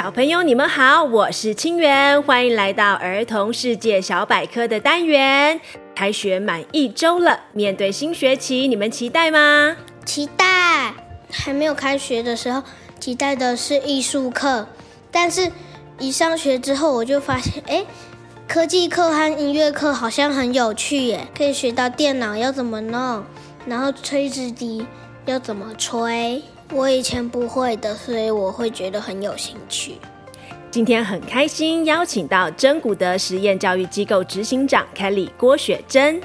小朋友，你們好，我是清源，歡迎來到兒童世界小百科的單元。開學滿一周了，面對新學期，你們期待嗎？期待。還沒有開學的時候，期待的是藝術課，但是一上學之後，我就發現，哎，科技課和音樂課好像很有趣耶，可以學到電腦要怎麼弄，然後吹直笛要怎麼吹。我以前不會的，所以我會覺得很有興趣。今天很開心，邀請到珍古德實驗教育機構執行長 Kelly 郭雪貞，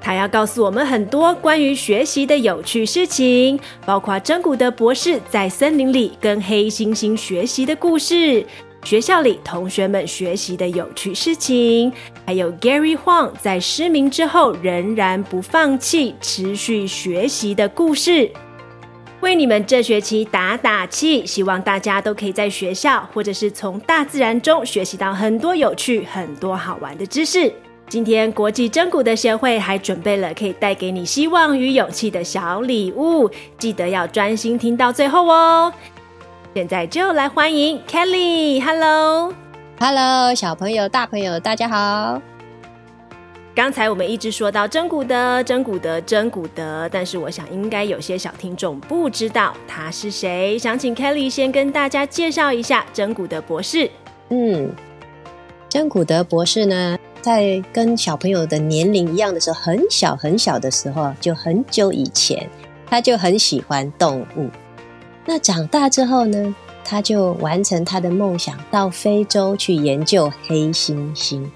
他要告訴我們很多關於學習的有趣事情，包括珍古德博士在森林裡跟黑猩猩學習的故事，學校裡同學們學習的有趣事情，還有 Gary Haun 在失明之後仍然不放棄、持續學習的故事。為你們這學期打打氣，希望大家都可以在學校或者是從大自然中學習到很多有趣、很多好玩的知識。今天國際珍古德協會還準備了可以帶給你希望與勇氣的小禮物，記得要專心聽到最後哦。現在就來歡迎 Kelly，Hello，Hello，小朋友、大朋友，大家好。剛才我們一直說到珍古德、珍古德、珍古德，但是我想應該有些小聽眾不知道他是誰，想請 Kelly 先跟大家介紹一下珍古德博士。嗯，珍古德博士呢，在跟小朋友的年齡一樣的時候，很小很小的時候，就很久以前他就很喜歡動物。那長大之後呢，他就完成他的夢想，到非洲去研究黑猩猩。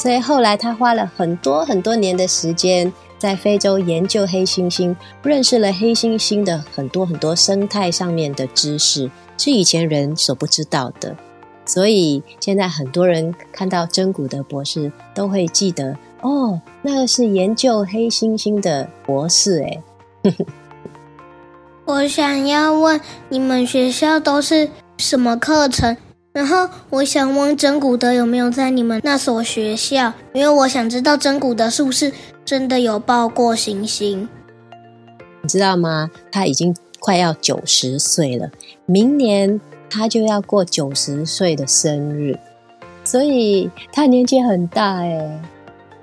所以後來，他花了很多很多年的時間在非洲研究黑猩猩，認識了黑猩猩的很多很多生態上面的知識，是以前人所不知道的。所以現在很多人看到珍古德博士，都會記得哦，那個是研究黑猩猩的博士。欸，哎。 我想要問，你們學校都是什麼課程？然後我想問珍古德有沒有在你們那所學校，因為我想知道珍古德是不是真的有抱過黑猩猩，你知道嗎？他已經快要九十歲了，明年他就要過九十歲的生日，所以他年紀很大哎。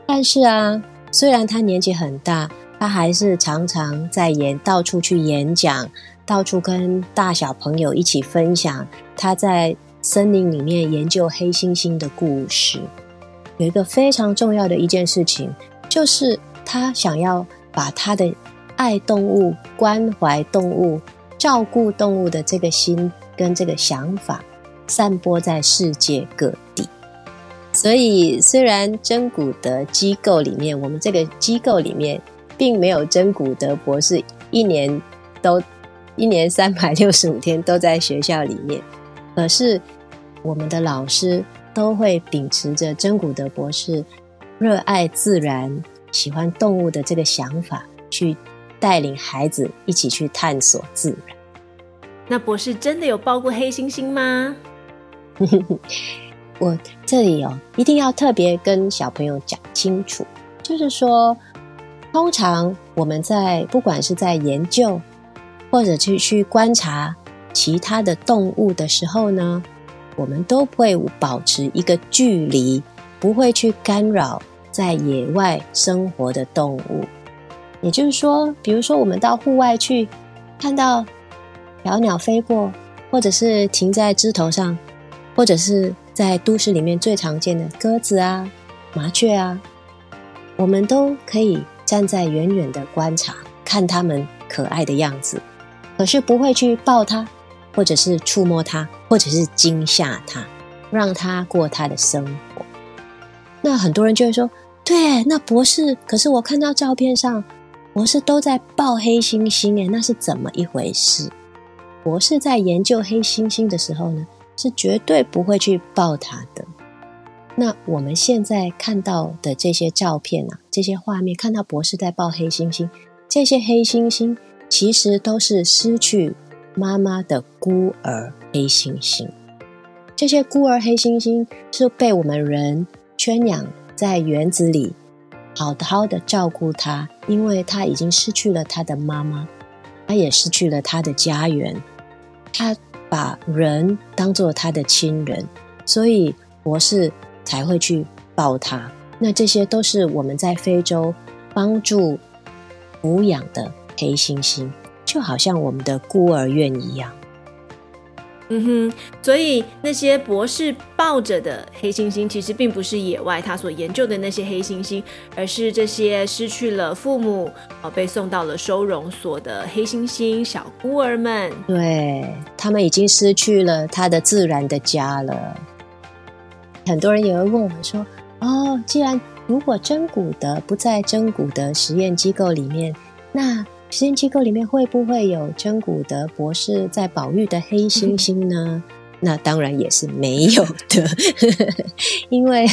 但是啊，雖然他年紀很大，他還是常常在演到處去演講，到處跟大小朋友一起分享他在。森林裡面研究黑猩猩的故事，有一個非常重要的一件事情，就是他想要把他的愛動物、關懷動物、照顧動物的這個心跟這個想法，散播在世界各地。所以，雖然珍古德機構裡面，我們這個機構裡面，並沒有珍古德博士一，一年都一年三百六十五天都在學校裡面。可是我們的老師都會秉持着珍古德博士熱愛自然、喜歡動物的這個想法，去帶領孩子一起去探索自然。那博士真的有抱過黑猩猩嗎？ 我這裡哦，一定要特別跟小朋友講清楚，就是說，通常我們在不管是在研究或者去去觀察。其他的動物的時候呢，我們都會保持一個距離，不會去干擾在野外生活的動物。也就是說，比如說我們到戶外去，看到小鳥飛過，或者是停在枝頭上，或者是在都市裡面最常見的鴿子啊、麻雀啊，我們都可以站在遠遠的觀察，看它們可愛的樣子，可是不會去抱它。或者是觸摸它，或者是驚嚇它，讓它過它的生活。那很多人就會說：“對，那博士，可是我看到照片上，博士都在抱黑猩猩，哎，那是怎麼一回事？”博士在研究黑猩猩的時候呢，是絕對不會去抱它的。那我們現在看到的這些照片啊，這些畫面，看到博士在抱黑猩猩，這些黑猩猩其實都是失去媽媽的孤兒黑猩猩，這些孤兒黑猩猩是被我們人圈養在園子裡，好好的照顧它，因為它已經失去了它的媽媽，它也失去了它的家園，它把人當做它的親人，所以博士才會去抱它，那這些都是我們在非洲幫助撫養的黑猩猩。就好像我們的孤兒院一樣，嗯哼。所以那些博士抱着的黑猩猩，其實並不是野外他所研究的那些黑猩猩，而是這些失去了父母、哦、被送到了收容所的黑猩猩小孤兒們。對，他們已經失去了他的自然的家了。很多人也會問我們說：“哦，既然如果珍古德不在珍古德實驗機構裡面，那？”實驗機構裡面會不會有珍古德博士在保育的黑猩猩呢？嗯、那當然也是沒有的， 因為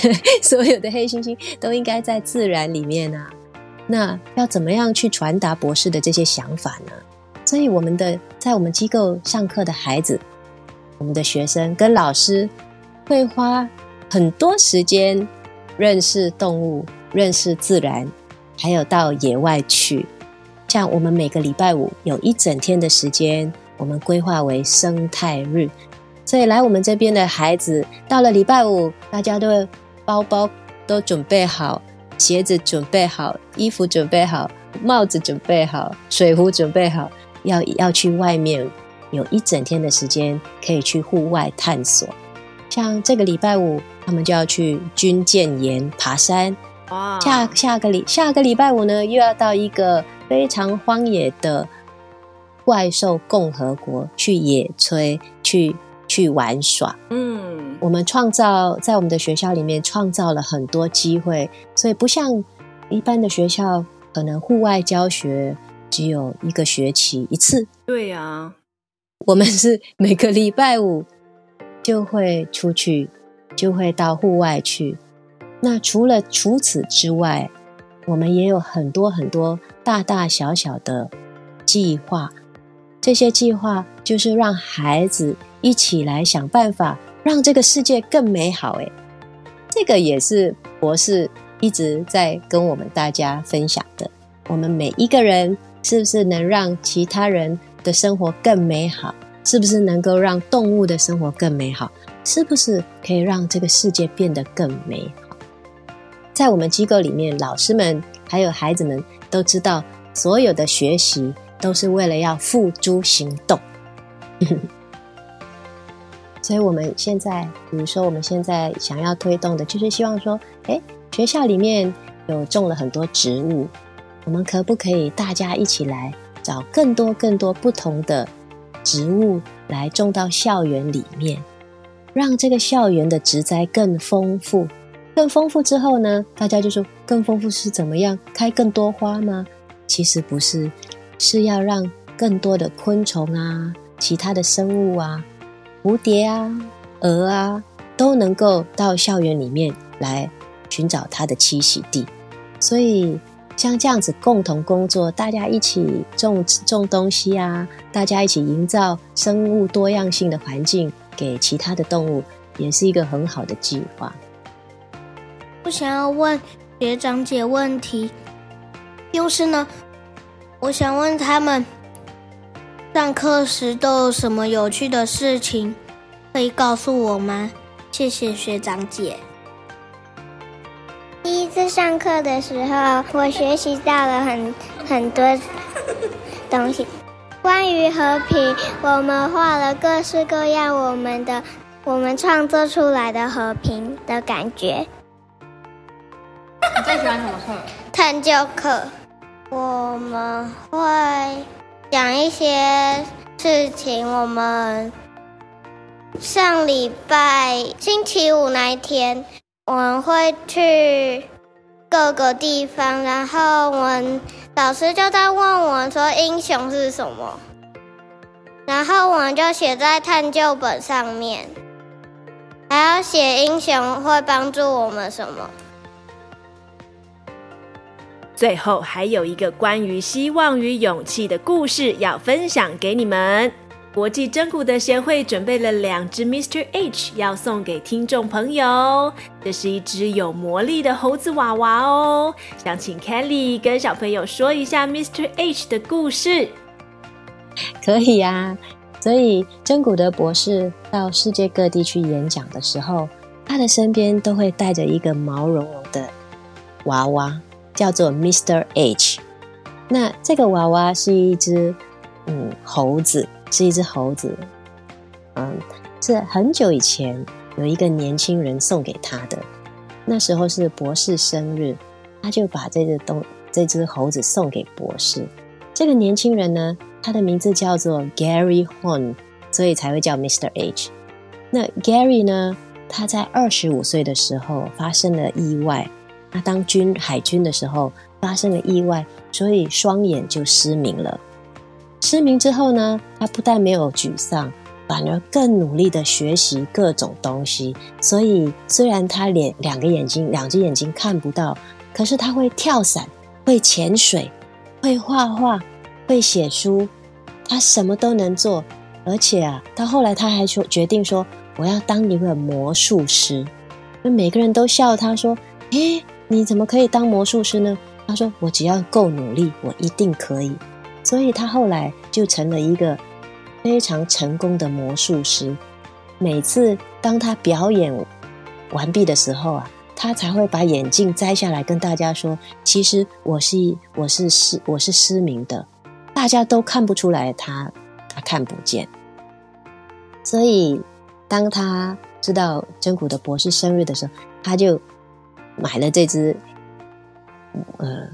所有的黑猩猩都應該在自然裡面啊。那要怎麼樣去傳達博士的這些想法呢？所以我們的在我們機構上課的孩子，我們的學生跟老師會花很多時間認識動物、認識自然，還有到野外去。像我們每個禮拜五有一整天的時間，我們規劃為生態日，所以來我們這邊的孩子到了禮拜五，大家都會包包都準備好，鞋子準備好，衣服準備好，帽子準備好，備好水壺準備好，要要去外面有一整天的時間可以去戶外探索。像這個禮拜五，他們就要去軍艦岩爬山，下下個，下個禮下個禮拜五呢，又要到一個。非常荒野的怪獸共和國去野炊、去去玩耍。嗯，我們創造在我們的學校裡面創造了很多機會，所以不像一般的學校，可能戶外教學只有一個學期一次。對呀，我們是每個禮拜五就會出去，就會到戶外去。那除了除此之外，我們也有很多很多。大大小小的計劃，這些計劃就是讓孩子一起來想辦法，讓這個世界更美好。誒，這個也是博士一直在跟我們大家分享的。我們每一個人是不是能讓其他人的生活更美好？是不是能夠讓動物的生活更美好？是不是可以讓這個世界變得更美好？在我們機構裡面，老師們。還有孩子們都知道，所有的學習都是為了要付諸行動。 所以，我們現在，比如說，我們現在想要推動的，就是希望說，哎，學校裡面有種了很多植物，我們可不可以大家一起來找更多更多不同的植物來種到校園裡面，讓這個校園的植栽更豐富。更豐富之後呢，大家就說，更豐富是怎麼樣？開更多花嗎？其實不是，是要讓更多的昆蟲啊、其他的生物啊、蝴蝶啊、蛾啊都能夠到校園裡面來尋找它的棲息地。所以像這樣子共同工作，大家一起種種東西啊，大家一起營造生物多樣性的環境，給其他的動物也是一個很好的計劃。我想要問學長姐問題，就是呢，我想問他們上課時都有什麼有趣的事情可以告訴我們？謝謝學長姐。第一次上課的時候，我學習到了很很多東西。關於和平，我們畫了各式各樣我們的我們創作出來的和平的感覺。你最喜歡什麼課？ 探究課，我們會講一些事情。我們上禮拜星期五那一天，我們會去各個地方，然後我們老師就在問我說：“英雄是什麼？”然後我們就寫在探究本上面，還要寫英雄會幫助我們什麼。最後還有一個關於希望與勇氣的故事要分享給你們。國際珍古德協會準備了兩只 Mr. H 要送給聽眾朋友。這是一只有魔力的猴子娃娃哦。想請 Kelly 跟小朋友說一下 Mr. H 的故事。可以呀、啊。所以珍古德博士到世界各地去演講的時候，他的身邊都會帶着一個毛茸茸的娃娃。叫做 Mr. H。那這個娃娃是一隻嗯猴子，是一隻猴子。嗯、um，是很久以前有一個年輕人送給他的。那時候是博士生日，他就把這隻東，這隻猴子送給博士。這個年輕人呢，他的名字叫做 Gary Haun，所以才會叫 Mr. H。那 Gary 呢，他在二十五歲的時候發生了意外。他當軍海軍的時候發生了意外，所以雙眼就失明了。失明之後呢，他不但沒有沮喪，反而更努力地學習各種東西。所以雖然他兩兩個眼睛，兩隻眼睛看不到，可是他會跳傘、會潛水、會畫畫、會寫書，他什麼都能做。而且啊，到後來他還說決定說我要當一個魔術師。那每個人都笑他說：“誒、欸。”你怎麼可以當魔術師呢？他說：“我只要夠努力，我一定可以。”所以他後來就成了一個非常成功的魔術師。每次當他表演完畢的時候啊，他才會把眼鏡摘下來，跟大家說：“其實我是我是，我是失我是失明的，大家都看不出來他他看不見。”所以當他知道珍古德博士生日的時候，他就。買了這隻，呃，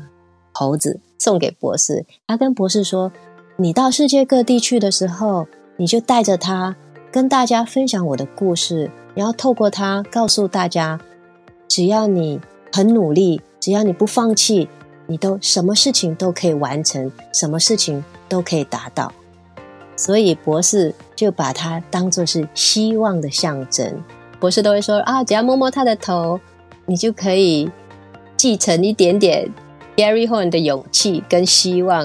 猴子送給博士。他跟博士說：“你到世界各地去的時候，你就帶着它，跟大家分享我的故事。然後透過它告訴大家，只要你很努力，只要你不放棄，你都什麼事情都可以完成，什麼事情都可以達到。”所以博士就把它當做是希望的象徵。博士都會說：“啊，只要摸摸它的頭。”你就可以繼承一點點 Gary Haun 的勇氣跟希望。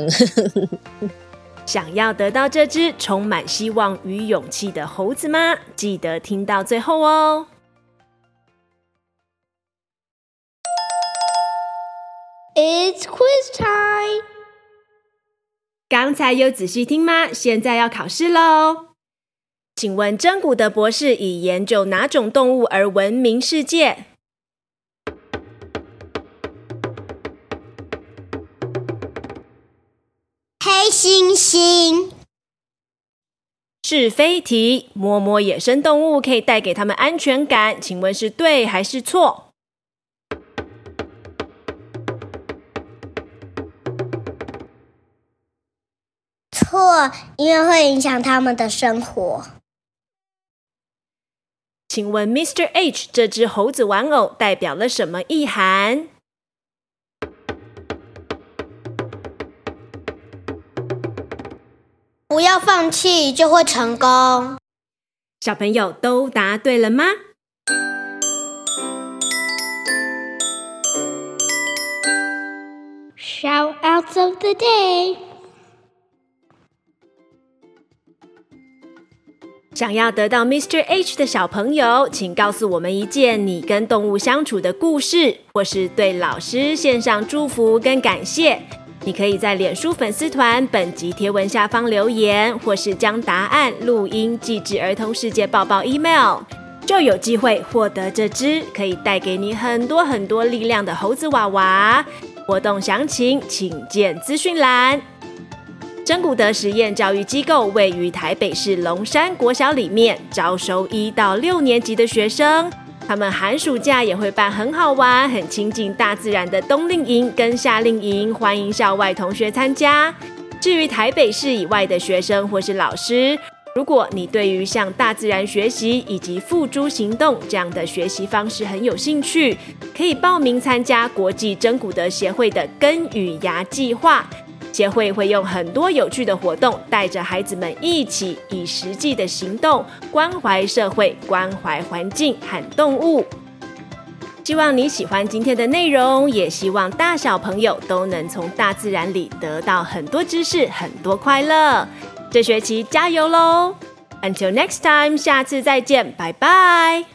想要得到這隻充滿希望與勇氣的猴子嗎？記得聽到最後哦！It's quiz time。剛才有仔細聽嗎？現在要考試嘍！請問珍古德博士以研究哪種動物而聞名世界？星星是非題，摸摸野生動物可以帶給他們安全感，請問是對還是錯？錯，因為會影響他們的生活。請問，Mr. H 這只猴子玩偶代表了什麼意涵？不要放棄，就會成功。小朋友都答對了嗎？Shoutouts of the day，想要得到 Mr. H 的小朋友，請告訴我們一件你跟動物相處的故事，或是對老師獻上祝福跟感謝。你可以在臉書粉絲團本集貼文下方留言，或是將答案錄音寄至兒童世界報報 email，就有機會獲得這隻可以帶給你很多很多力量的猴子娃娃。活動詳情請見資訊欄。珍古德實驗教育機構位於台北市龍山國小裡面，招收一到六年級的學生。他們寒暑假也會辦很好玩、很親近大自然的冬令營跟夏令營，歡迎校外同學參加。至於台北市以外的學生或是老師，如果你對於向大自然學習以及付諸行動這樣的學習方式很有興趣，可以報名參加國際珍古德協會的根與芽計劃。協會會用很多有趣的活動，帶着孩子們一起以實際的行動關懷社會、關懷環境和動物。希望你喜歡今天的內容，也希望大小朋友都能從大自然裡得到很多知識、很多快樂。這學期加油嘍！Until next time，下次再見，拜拜。